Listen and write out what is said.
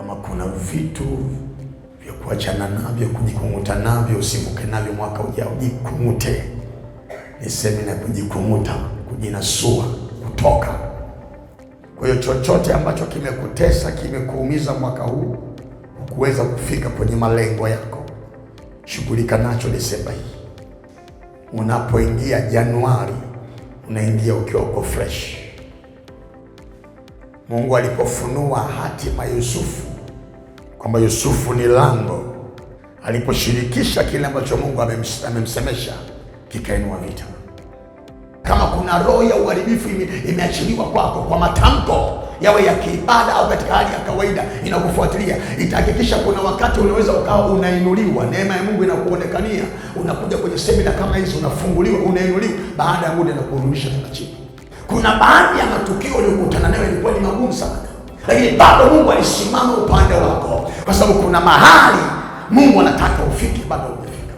kama kuna vitu vya kuachana navyo, kujikunguta navyo, usimuke navyo mwaka ujao, jikungute. Ni semina kujikunguta, kujinasua, kutoka. Kwa hiyo chochote ambacho kimekutesa, kimekuumiza mwaka huu, ukuweza kufika kwenye malengo yako, shughulika nacho Desemba hii. Unapoingia Januari, unaingia ukiwa uko fresh. Mungu alipofunua hatima Yusufu kwamba Yusufu ni lango, aliposhirikisha kile ambacho Mungu amemsemesha kikainua vita. Kama kuna roho ya uharibifu imeachiliwa kwako kwa matamko yawe ya kiibada au katika hali ya kawaida, inakufuatilia itahakikisha kuna wakati unaweza ukawa unainuliwa, neema ya Mungu inakuonekania, unakuja kwenye semina kama hizi, unafunguliwa, unainuliwa, baada ya muda inakurudisha tena chini. Kuna baadhi ya matukio uliyokutana nayo ilikuwa ni magumu sana, lakini bado Mungu alisimama upande wako kwa sababu kuna mahali Mungu anataka ufike, bado ufike.